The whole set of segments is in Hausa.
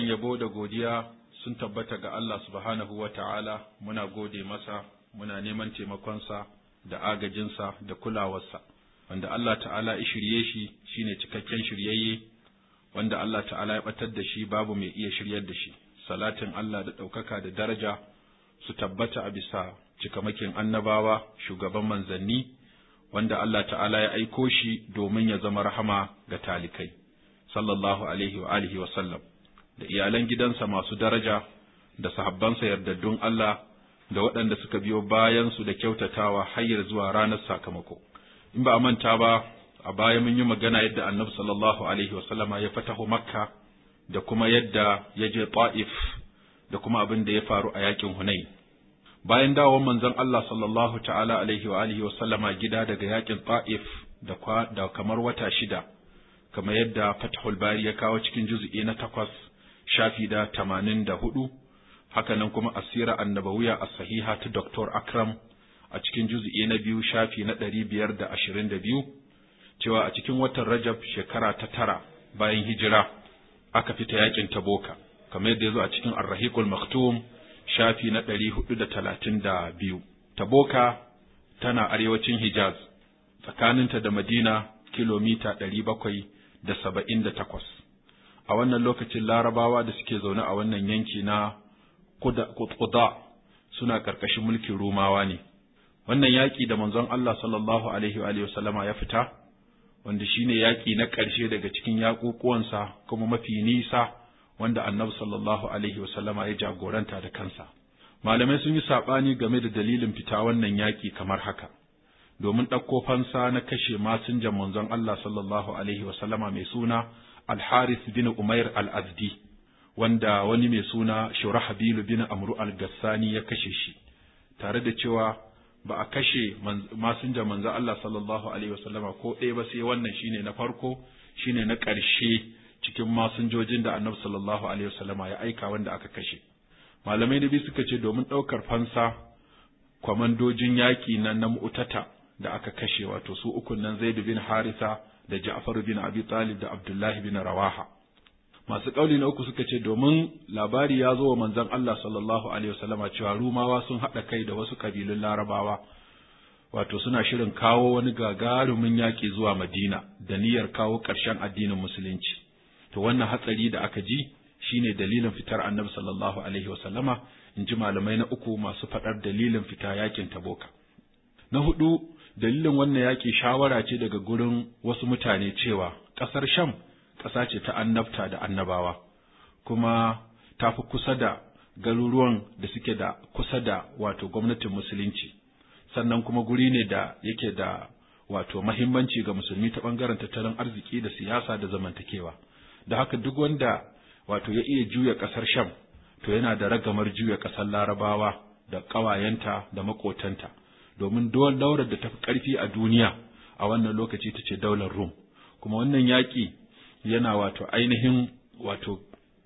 dukkan yabo da godiya sun tabbata ga Allah subhanahu wa ta'ala muna gode masa, muna neman taimakonsa da agajinsa da kulawarsa, wanda Allah ta'ala shirye shi shine cikakken shiryayye, wanda Allah ta'ala ya batar da shi babu mai iya shiryar da shi, salatin Allah da ɗaukaka da daraja su tabbata a bisa cikamakin annabawa, shugaban manzanni, wanda Allah ta'ala ya aiko shi domin ya zama rahama ga talikai, sallallahu alaihi wa alihi wa sallam. da iyalan gidansa masu daraja da sahabbansa yardaddun Allah da waɗanda suka biyo bayansu da kyautatawa hayar zuwa ranar sakamako in ba a manta ba a baya mun yi magana yadda annabi sallallahu alaihi wasallama ya fataho makka da kuma yadda ya je ta'if da kuma abin da ya faru a yakin Hunai. bayan dawon manzon Allah sallallahu ta'ala alaihi wa alihi wasallama gida daga yakin ta'if da, kamar wata shida kamar yadda Fatahul bari ya kawo cikin juz'i na takwas shafi da tamanin da hudu hakanan kuma asira annabawiya a sahiha ta Dr. Akram a cikin juzu'i na biyu shafi na ɗari biyar da ashirin da biyu cewa a cikin watan Rajab shekara ta tara bayan hijira aka fita yakin Taboka kamar yadda ya zo a cikin Ar-Rahiqul Maktum shafi na ɗari hudu da talatin da biyu Taboka tana arewacin Hijaz tsakaninta da Madina kilomita ɗari bakwai da saba'in da takwas a wannan lokacin larabawa da suke zaune a wannan yanki na kuda suna ƙarƙashin mulkin rumawa ne wannan yaƙi da manzon Allah sallallahu alaihi wa sallama ya fita wanda shine yaƙi na ƙarshe daga cikin yaƙuƙuwansa kuma mafi nisa wanda annabi sallallahu alaihi wa sallama ya jagoranta da kansa malamai sun yi saɓani game da dalilin fita wannan yaƙi kamar haka domin ɗauko fansa na kashe masinjan manzon Allah sallallahu alaihi wa sallama mai suna al-haris bin umair al-azdi wanda wani mai suna shurahabilu bin amru al-gassani ya kashe shi tare da cewa ba a kashe masinja manzo Allah sallallahu alaihi wasallama ko ɗaya ba sai wannan ne na farko shine na ƙarshe cikin masinjojin da annabi sallallahu alaihi wasallama ya aika wanda aka kashe malamai na biyu suka ce domin ɗaukar fansa kwamandojin yaƙi na na mu'tata da aka kashe wato su ukun nan Zaid bin Harisa da Ja'far bin Abi Talib da Abdullahi bin Rawaha masu kauli na uku suka ce domin labari ya zo wa manzon Allah sallallahu alaihi wasallama cewa Rumawa sun haɗa kai da wasu kabilun Larabawa wato suna shirin kawo wani gagarumin yaƙi zuwa Madina da niyyar kawo ƙarshen addinin musulunci to wannan hatsari da aka ji shine dalilin fitar Annabi sallallahu alaihi wasallama in ji malamai na uku masu faɗar dalilin fita yakin Taboka na huɗu. dalilin wannan yaƙi shawara ce daga gurin wasu mutane cewa ƙasar sham ƙasa ce ta annabta da annabawa kuma ta fi kusa da garuruwan da suke da kusa da wato gwamnatin musulunci sannan kuma guri ne da yake da wato mahimmanci ga musulmi ta ɓangaren tattalin arziki da siyasa da zamantakewa da haka duk wanda wato ya iya juya ƙasar sham to yana da ragamar juya ƙasar larabawa da ƙawayenta da maƙotanta domin daular da ta fi ƙarfi a duniya a wannan lokaci ta ce daular Rum kuma wannan yaƙi yana wato ainihin wato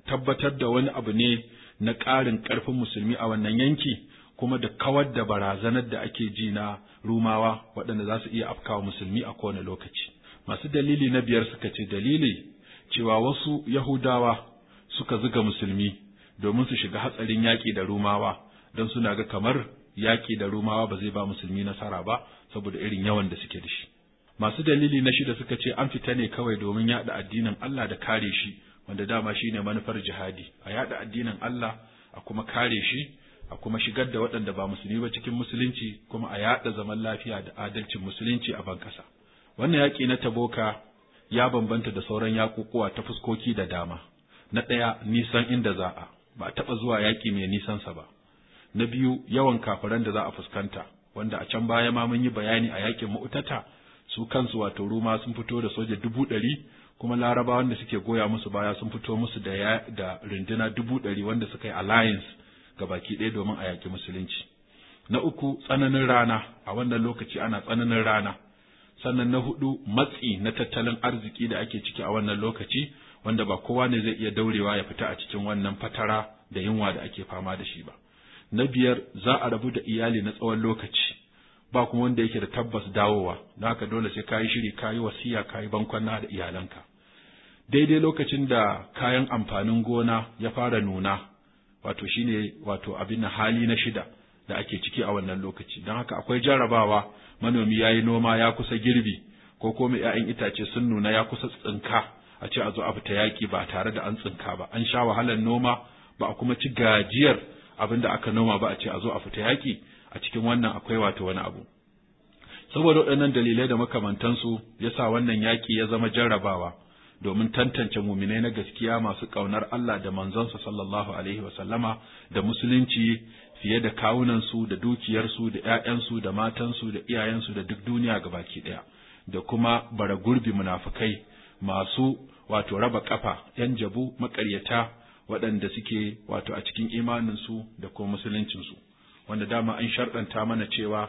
tabbatar da wani abu ne na ƙarin ƙarfin musulmi a wannan yanki kuma da kawar da barazanar da ake ji na Rumawa waɗanda za su iya afkawa musulmi a kowane lokaci masu dalili na biyar suka ce dalili cewa wasu Yahudawa suka zuga musulmi domin su shiga hatsarin yaƙi da Rumawa don suna ga kamar yaƙi da Romawa ba zai ba musulmi nasara ba saboda irin yawan da suke da shi. Masu dalili na shida suka ce an fita ne kawai domin yaɗa addinin Allah da kare shi wanda dama shine manufar jihadi a yaɗa addinin Allah a kuma kare shi a kuma shigar da waɗanda ba musulmi ba cikin musulunci kuma a yaɗa zaman lafiya da adalcin musulunci a ban Wannan yaƙi na Taboka ya bambanta da sauran yaƙuƙuwa ta fuskoki da dama. Na ɗaya nisan inda za'a, ba a taɓa zuwa yaƙi mai nisansa ba. na biyu yawan kafiran da za a fuskanta wanda a can baya ma mun yi bayani a yakin mu'tata su kansu wato ruma sun fito da soja dubu ɗari kuma laraba wanda suke goya musu baya sun fito musu da, da runduna dubu ɗari wanda suka yi alliance ga baki ɗaya domin a yaƙi musulunci na uku tsananin rana a wannan lokaci ana tsananin rana sannan na hudu matsi na tattalin arziki da ake ciki a wannan lokaci wanda ba kowa ne zai iya daurewa ya fita a cikin wannan fatara da yunwa da ake fama da shi ba na biyar za a rabu da iyali na tsawon lokaci ba kuma wanda yake da tabbas dawowa don haka dole sai kayi shiri kayi wasiya kayi bankwana da iyalanka daidai lokacin da kayan amfanin gona ya fara nuna wato shine wato abin hali na shida da ake ciki a wannan lokaci don haka akwai jarabawa manomi ya yi noma ya kusa girbi ko kuma ‘ya'yan itace sun nuna ya kusa tsinka a ce a zo a fita yaƙi ba tare da an tsinka ba an sha wahalar noma ba a kuma ci gajiyar abin da aka noma ba a ce a zo a fita yaƙi a cikin wannan akwai wato wani abu saboda waɗannan dalilai da makamantansu ya sa wannan yaƙi ya zama jarrabawa domin tantance muminai na gaskiya masu ƙaunar Allah da manzonsa sallallahu alaihi wa sallama da musulunci fiye da kawunansu da dukiyarsu da ‘ya'yansu da matansu da iyayensu da duk duniya baki ɗaya da kuma bara gurbi munafukai masu wato raba ƙafa ‘yan jabu maƙaryata waɗanda suke wato a cikin imaninsu da kuma musuluncinsu wanda dama an sharɗanta mana cewa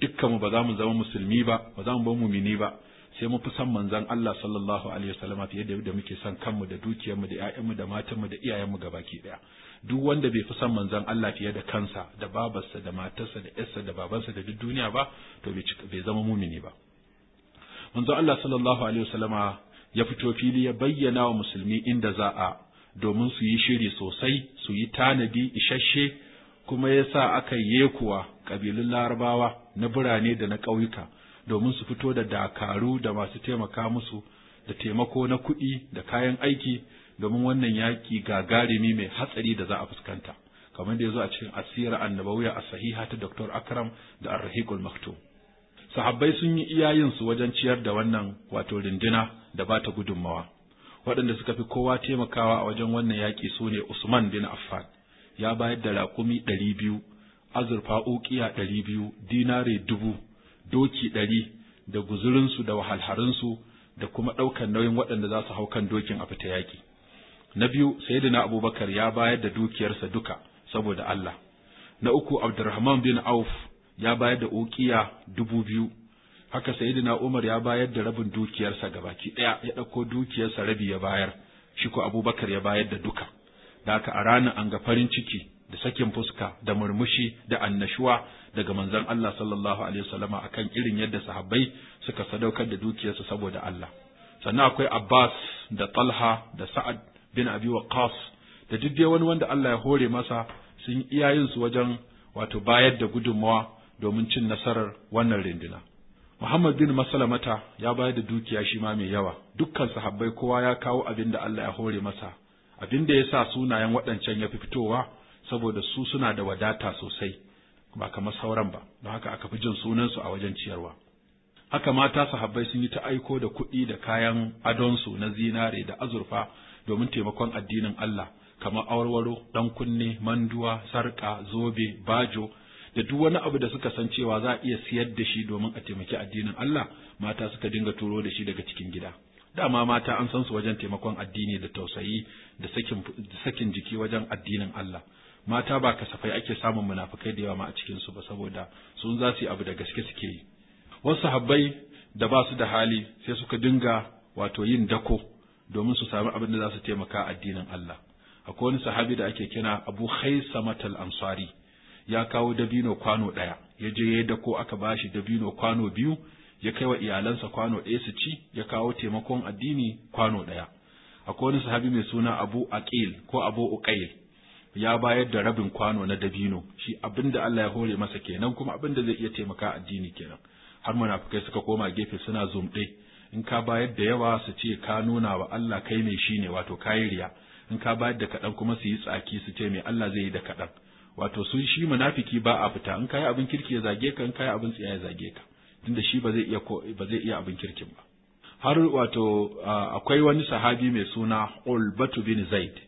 dukkanmu ba za mu zama musulmi ba ba za mu ba mumini ba sai mu fi son manzon Allah sallallahu alaihi wasallama fiye da yadda muke son kanmu da dukiyarmu da ƴaƴanmu da matanmu da iyayenmu gabaki ɗaya duk wanda bai fi san manzon Allah fiye da kansa da babarsa da matarsa da ƴarsa da babansa da duk duniya ba to bai zama mumini ba manzon Allah sallallahu alaihi wasallama ya fito fili ya bayyana wa musulmi inda za a domin su yi shiri sosai su yi tanadi isasshe kuma ya sa aka yekuwa ƙabilun larabawa na birane da na ƙauyuka domin su fito da dakaru da masu taimaka musu da taimako na kuɗi da kayan aiki domin wannan yaƙi gagarumi mai hatsari da za a fuskanta kamar da ya zo a cikin asira annabawiya a sahiha ta Dr. Akram da ar Maktum sahabbai sun yi iyayensu wajen ciyar da wannan wato rindina da bata ta gudunmawa waɗanda suka fi kowa taimakawa a wajen wannan yaƙi su ne Usman bin Affan ya bayar da raƙumi ɗari biyu azurfa uƙiya ɗari biyu dinare dubu doki ɗari da guzurinsu da wahalharinsu da kuma ɗaukan nauyin waɗanda za su hau kan dokin a fita yaƙi na biyu sayyidina abubakar ya bayar da dukiyarsa duka saboda Allah na uku abdurrahman bin auf ya bayar da uƙiya dubu biyu haka sayyidina Umar ya bayar da rabin dukiyarsa gabaki ɗaya, ya ɗauko dukiyarsa rabi ya bayar shi ko Abubakar ya bayar da duka da haka a ranar an ga farin ciki da sakin fuska da murmushi da annashuwa daga manzon Allah sallallahu alaihi wasallama akan irin yadda sahabbai suka sadaukar da dukiyarsa saboda Allah sannan akwai Abbas da Talha da Sa'ad bin Abi Waqqas da duk dai wani wanda Allah ya hore masa sun iyayinsu wajen wato bayar da gudunmawa domin cin nasarar wannan rinduna Muhammad bin Masalamata ya bayar da dukiya shi ma mai yawa, dukkan sahabbai kowa ya kawo abin da Allah ya hore masa, abin da ya sa sunayen waɗancan ya fi fitowa saboda su suna da wadata sosai, ba kamar sauran ba, don haka aka fi jin sunansu a wajen ciyarwa. Haka mata sahabbai sun yi ta aiko da kuɗi da kayan adonsu na zinare da azurfa domin taimakon addinin Allah, kamar awarwaro, ɗan kunne, manduwa, sarƙa, zobe, bajo, da duk wani abu da suka san cewa za a iya siyar da shi domin a taimaki addinin Allah mata suka dinga turo da shi daga cikin gida dama mata an san su wajen taimakon addini da tausayi da sakin sakin jiki wajen addinin Allah mata ba kasafai ake samun munafukai da yawa ma a cikin su ba saboda sun za su yi abu da gaske suke yi wasu sahabbai da ba su da hali sai suka dinga wato yin dako domin su sami abin da za su taimaka addinin Allah akwai wani sahabi da ake kira Abu Khaisamatul Ansari ya kawo dabino kwano ɗaya ya je ya dako aka ba shi dabino kwano biyu ya kai wa iyalansa kwano ɗaya su ci ya kawo taimakon addini kwano ɗaya akwai wani sahabi mai suna abu aqil ko abu uqail ya bayar da rabin kwano na dabino shi abinda Allah ya hore masa kenan kuma abin da zai iya taimaka addini kenan har munafukai suka koma gefe suna zumɗe in ka bayar da yawa su ce ka nuna wa Allah kai ne shine wato kayi riya in ka bayar da kaɗan kuma su yi tsaki su ce mai Allah zai yi da kaɗan wato sun shi munafiki ba a fita in kai abin kirki ya zage ka in kai abin tsiya ya zage ka tunda shi ba zai iya ba zai iya abin kirkin ba har wato akwai wani sahabi mai suna Ulbatu bin Zaid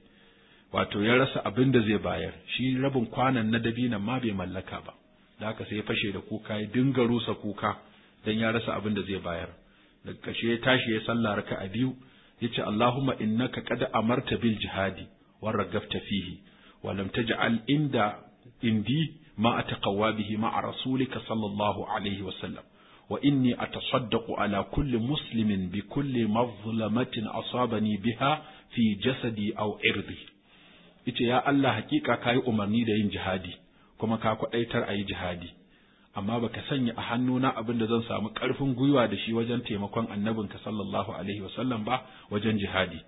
wato ya rasa abin da zai bayar shi rabin kwanan na dabina ma bai mallaka ba da haka sai ya fashe da kuka ya dinga rusa kuka dan ya rasa abin da zai bayar daga kashe ya tashi ya sallah raka'a biyu yace Allahumma innaka qad amarta bil jihadi wa ragafta fihi ولم تجعل عند عندي ما أتقوى به مع رسولك صلى الله عليه وسلم وإني أتصدق على كل مسلم بكل مظلمة أصابني بها في جسدي أو عرضي ita ya Allah hakika ka yi umarni da yin jihadi kuma ka kwaɗaitar a yi jihadi amma baka sanya a hannuna abin da zan samu ƙarfin gwiwa da shi wajen taimakon annabinka sallallahu alaihi wasallam ba wajen jihadi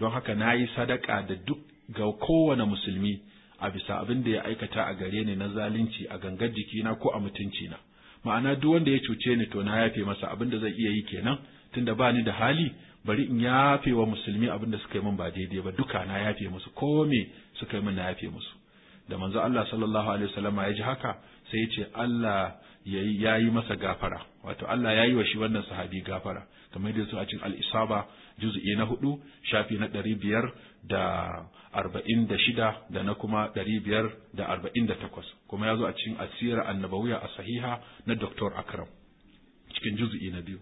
don haka na yi sadaka da duk ga kowane musulmi a bisa abin da ya aikata a gare ni na zalunci a gangar jikina ko a mutunci na ma'ana duk wanda ya cuce ni to na yafe masa abin da zai iya yi kenan tunda ba ni da hali bari in yafe wa musulmi abin da suka yi min ba daidai ba duka na yafe musu ko me suka yi min na yafe musu da manzo Allah sallallahu alaihi wasallam ya ji haka sai ce Allah ya yi masa gafara wato Allah ya yi wa shi wannan sahabi gafara kamar da su a cikin al-isaba juz'i na hudu shafi na ɗari biyar da arba'in da shida da na kuma ɗari biyar da arba'in da takwas kuma ya zo a cikin asira annabawiya a sahiha na Doktor Akram cikin juz'i na biyu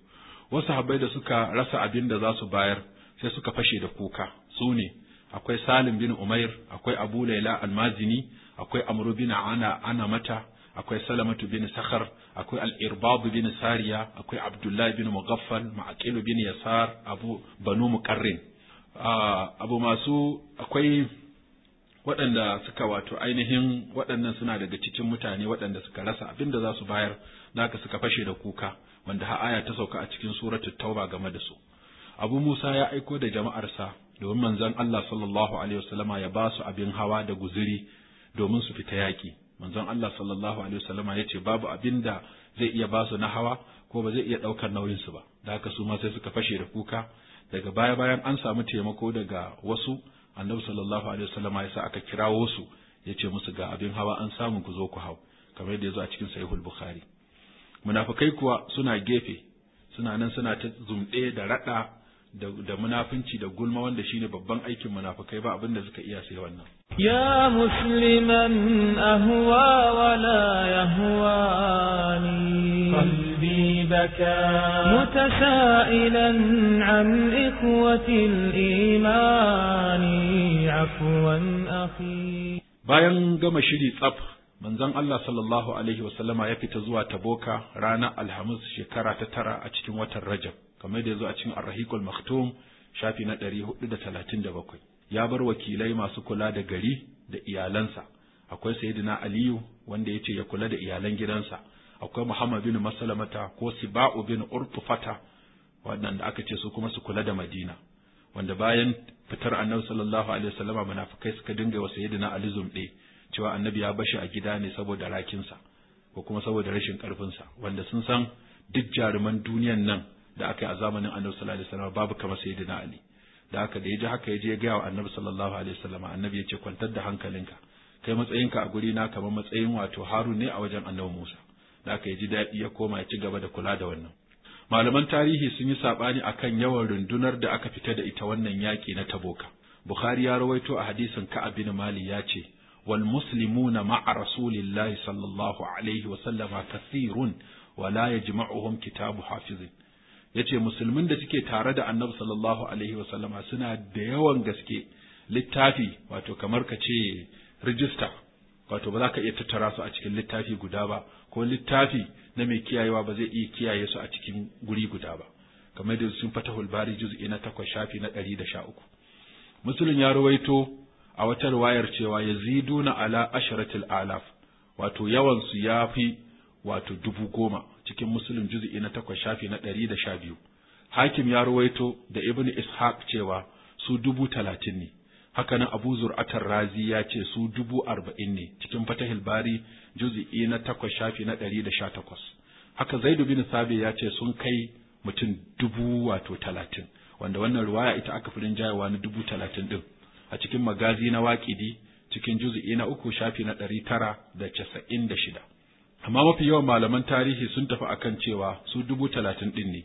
wasu habai da suka rasa abin da za su bayar sai suka fashe da kuka su ne akwai Salim bin Umair akwai Abu Laila al akwai Amr bin Ana Ana Mata akwai salamatu bin sakhar akwai al-irbab bin sariya akwai abdullahi bin mughaffal ma'aqil bin yasar abu banu muqarrin ah, abu masu akwai waɗanda suka wato ainihin waɗannan suna daga cikin mutane waɗanda suka rasa abin da za su bayar naka suka fashe da kuka wanda har aya ta sauka a cikin suratul tauba game da su abu musa ya aiko da jama'arsa domin manzon Allah sallallahu alaihi wasallama ya ba su abin hawa da guziri domin su fita yaƙi manzon Allah sallallahu alaihi wasallama ya ce babu abin da zai iya ba su na hawa ko ba zai iya ɗaukar nauyin su ba da haka su ma sai suka fashe da kuka daga baya bayan an samu taimako daga wasu annabi sallallahu alaihi wasallama ya sa aka kirawo su ya ce musu ga abin hawa an samu ku zo ku hau kamar yadda ya zo a cikin sahihul bukhari munafikai kuwa suna gefe suna nan suna ta zumɗe da raɗa da munafinci da gulma wanda shine babban aikin munafikai ba abinda suka iya sai wannan ya musliman ahwa wala yahwani qalbi baka mutasailan an ikhwati al afwan akhi bayan gama shiri tsaf manzon Allah sallallahu alaihi wasallama ya fita zuwa Taboka ranar Alhamis shekara ta tara a cikin watan Rajab kamar da zo a cikin arrahikul Maktum shafi na 437 ya bar wakilai masu kula da gari da iyalansa akwai Sayyidina Aliyu wanda ya ce ya kula da iyalan gidansa akwai Muhammad bin Maslamata ko Siba'u bin Urtufata waɗanda aka ce su kuma su kula da Madina wanda bayan fitar Annabi sallallahu alaihi wasallama munafikai suka dinga wa Sayyidina Ali zumde cewa Annabi ya bashi a gida ne saboda rakinsa ko kuma saboda rashin ƙarfinsa wanda sun san duk jaruman duniyan nan da aka yi a zamanin annabi sallallahu alaihi wasallam babu kamar na ali da aka da ya ji haka ya je ya gaya wa annabi sallallahu alaihi wasallam annabi ya ce kwantar da hankalinka kai matsayinka a guri na kamar matsayin wato harun ne a wajen annabi musa da aka yi ji daɗi ya koma ya ci gaba da kula da wannan malaman tarihi sun yi saɓani akan yawan rundunar da aka fita da ita wannan yaƙi na taboka bukhari ya rawaito a hadisin ka'ab bin mali ya ce wal muslimuna ma'a rasulillahi sallallahu alaihi wa kathirun wa la yajma'uhum kitabu hafizin Ya ce musulmin da suke tare da annabi sallallahu alaihi wasallama suna da yawan gaske littafi wato kamar ka ce rijista wato ba za ka iya tattara su a cikin littafi guda ba ko littafi na mai kiyayewa ba zai iya kiyaye su a cikin guri guda ba kamar da sun fatahul hulbari juz'i na takwas shafi na ɗari da sha uku musulun ya rawaito a wata wayar cewa ya ziduna ala asharatil alaf wato yawan su ya fi wato dubu goma cikin musulun juz'i na takwas shafi na ɗari da sha biyu hakim ya ruwaito da Ibnu ishaq cewa su dubu talatin ne haka nan abu zur'atar razi ya ce su dubu arba'in ne cikin fatahil bari juz'i na takwas shafi na ɗari da sha takwas haka zaidu bin sabi ya ce sun kai mutum dubu wato talatin wanda wannan ruwaya ita aka fi rinjayewa na dubu talatin ɗin a cikin magazi na waƙidi cikin juz'i na uku shafi na ɗari tara da casa'in da shida amma mafi yawan malaman tarihi sun tafi akan cewa su dubu talatin ɗin ne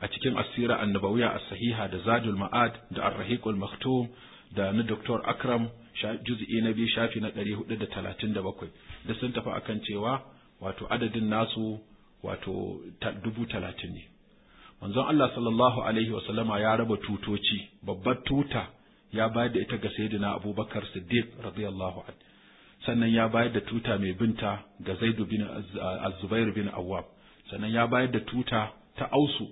a cikin asira annabawiya a sahiha da zadul ma'ad da arrahiqul maktum da na Dr. akram juz'i na biyu shafi na ɗari hudu da talatin da bakwai da sun tafi akan cewa wato adadin nasu wato dubu talatin ne manzon Allah sallallahu alaihi wa sallama ya raba tutoci babbar tuta ya bayar da ita ga sayyidina Abubakar Siddiq radiyallahu anhu sannan ya bayar da tuta mai binta ga Zaidu bin Az-Zubair bin Awwab sannan ya bayar da tuta ta Ausu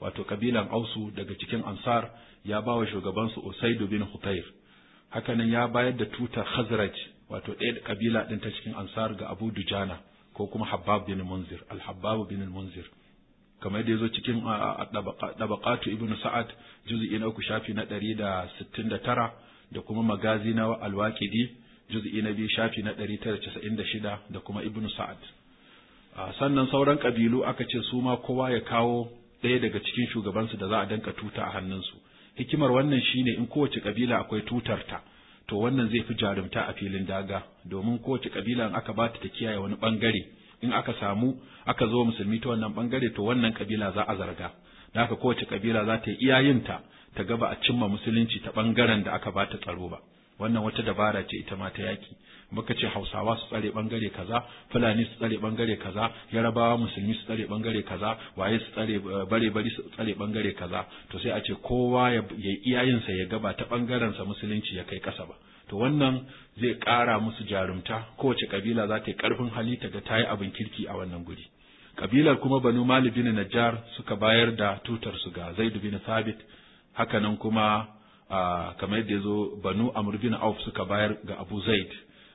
wato kabilan Ausu daga cikin Ansar ya bawa shugabansu Usaidu bin Hutair hakanan ya bayar da tuta Khazraj wato ɗaya kabila ɗin ta cikin Ansar ga Abu Dujana ko kuma Habbab bin Munzir al-Habbab bin Munzir kamar da yazo zo cikin ɗabaƙatu ibn sa'ad juzu'i na uku shafi na ɗari da sittin da tara da kuma magazi na Al-Waqidi. juz'i na biyu shafi na ɗari tara shida da kuma ibnu sa'ad sannan sauran kabilu aka ce su ma kowa ya kawo ɗaya daga cikin shugabansu da za a danka tuta a hannunsu hikimar wannan shine in kowace kabila akwai tutarta to wannan zai fi jarumta a filin daga domin kowace kabila in aka bata ta kiyaye wani bangare in aka samu aka zo musulmi ta wannan bangare to wannan kabila za a zarga da haka kowace kabila za ta yi iyayinta ta gaba a cimma musulunci ta bangaren da aka bata tsaro ba wannan wata dabara ce ita ma ta yaki muka ce hausawa su tsare bangare kaza fulani su tsare bangare kaza yarabawa musulmi su tsare bangare kaza waye su tsare eh, bare bari su tsare bangare kaza to sai a ce kowa ya iyayinsa ya gaba ta bangaren sa musulunci ya kai kasa ba to wannan zai ƙara musu jarumta kowace kabila za ta yi karfin hali ta ga tayi abin kirki a wannan guri kabilar kuma banu mali bin najjar suka bayar da tutar su ga zaid bin thabit nan kuma kamar yadda ya zo banu amr bin auf suka bayar ga abu zaid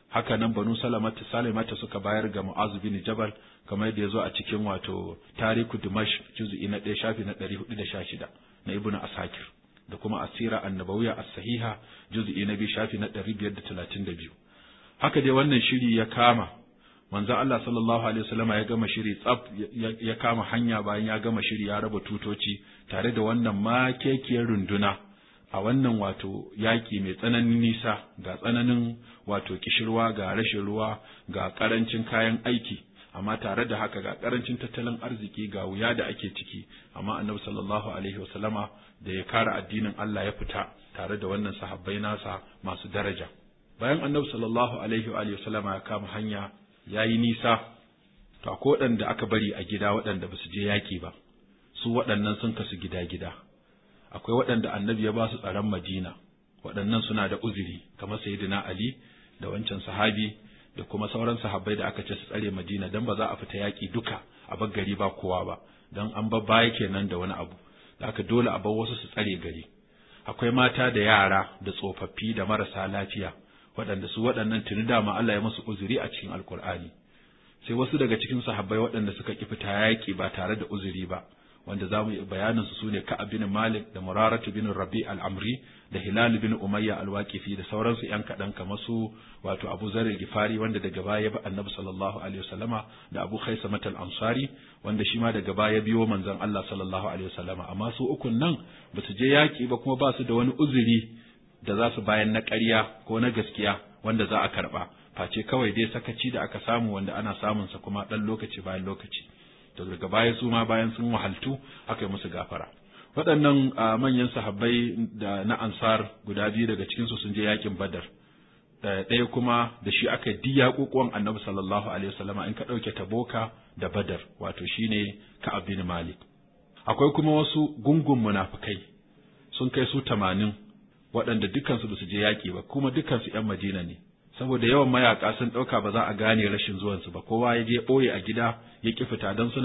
haka nan banu salamata salamata suka bayar ga mu'az bin jabal kamar yadda ya zo a cikin wato tariku dimash juz'i na ɗaya shafi na ɗari hudu da sha shida na ibnu asakir da kuma asira annabawiya as-sahiha juz'i na biyu shafi na ɗari biyar da talatin da biyu haka dai wannan shiri ya kama manzo Allah sallallahu alaihi wasallama ya gama shiri tsaf ya kama hanya bayan ya gama shiri ya raba tutoci tare da wannan makekiyar runduna a wannan wato yaƙi mai tsananin nisa ga tsananin wato kishirwa ga rashin ruwa ga ƙarancin kayan aiki amma tare da haka ga ƙarancin tattalin arziki ga wuya da ake ciki amma annabi sallallahu alaihi wasallama da ya kara addinin Allah ya fita tare da wannan sahabbai nasa masu daraja bayan annabi sallallahu alaihi wa sallama ya kama hanya yayi yi nisa to ko waɗanda aka bari a gida waɗanda ba su je yaƙi ba su waɗannan sun kasu gida-gida akwai waɗanda annabi ya ba su tsaron Madina waɗannan suna da uzuri kamar sayyidina Ali da wancan sahabi da kuma sauran sahabbai da aka ce su tsare Madina dan ba za a fita yaƙi duka a bar gari ba kowa ba dan an bar baya kenan da wani abu da aka dole a bar wasu su tsare gari akwai mata da yara da tsofaffi da marasa lafiya waɗanda su waɗannan tuni dama Allah ya musu uzuri a cikin alkur'ani sai wasu daga cikin sahabbai waɗanda suka ƙi fita yaƙi ba tare da uzuri ba wanda za mu yi bayanin su sune Ka'ab bin Malik da Muraratu bin Rabi al-Amri da Hilal bin Umayya al-Waqifi da sauransu ‘yan kaɗan kamar su wato Abu Zarar Gifari wanda daga baya bi Annabi sallallahu alaihi wasallama da Abu Khaisamat al-Ansari wanda shi ma daga baya biyo manzon Allah sallallahu alaihi wasallama amma su ukun nan ba su je yaki ba kuma ba su da wani uzuri da za su bayan na ƙarya ko na gaskiya wanda za a karɓa face kawai dai sakaci da aka samu wanda ana samunsa kuma ɗan lokaci bayan lokaci to daga baya su ma bayan sun wahaltu aka yi musu gafara waɗannan manyan sahabbai da na ansar guda biyu daga cikinsu sun je yakin badar ɗaya kuma da shi aka di yaƙuƙuwan annabi sallallahu alaihi wasallam in ka ɗauke taboka da badar wato shine ka abin malik akwai kuma wasu gungun munafukai sun kai su tamanin waɗanda dukansu ba su je yaƙi ba kuma dukansu ‘yan Madina ne, saboda yawan mayaƙa sun ɗauka ba za a gane rashin zuwansu ba, kowa ya je ɓoye a gida ya ƙi fita don suna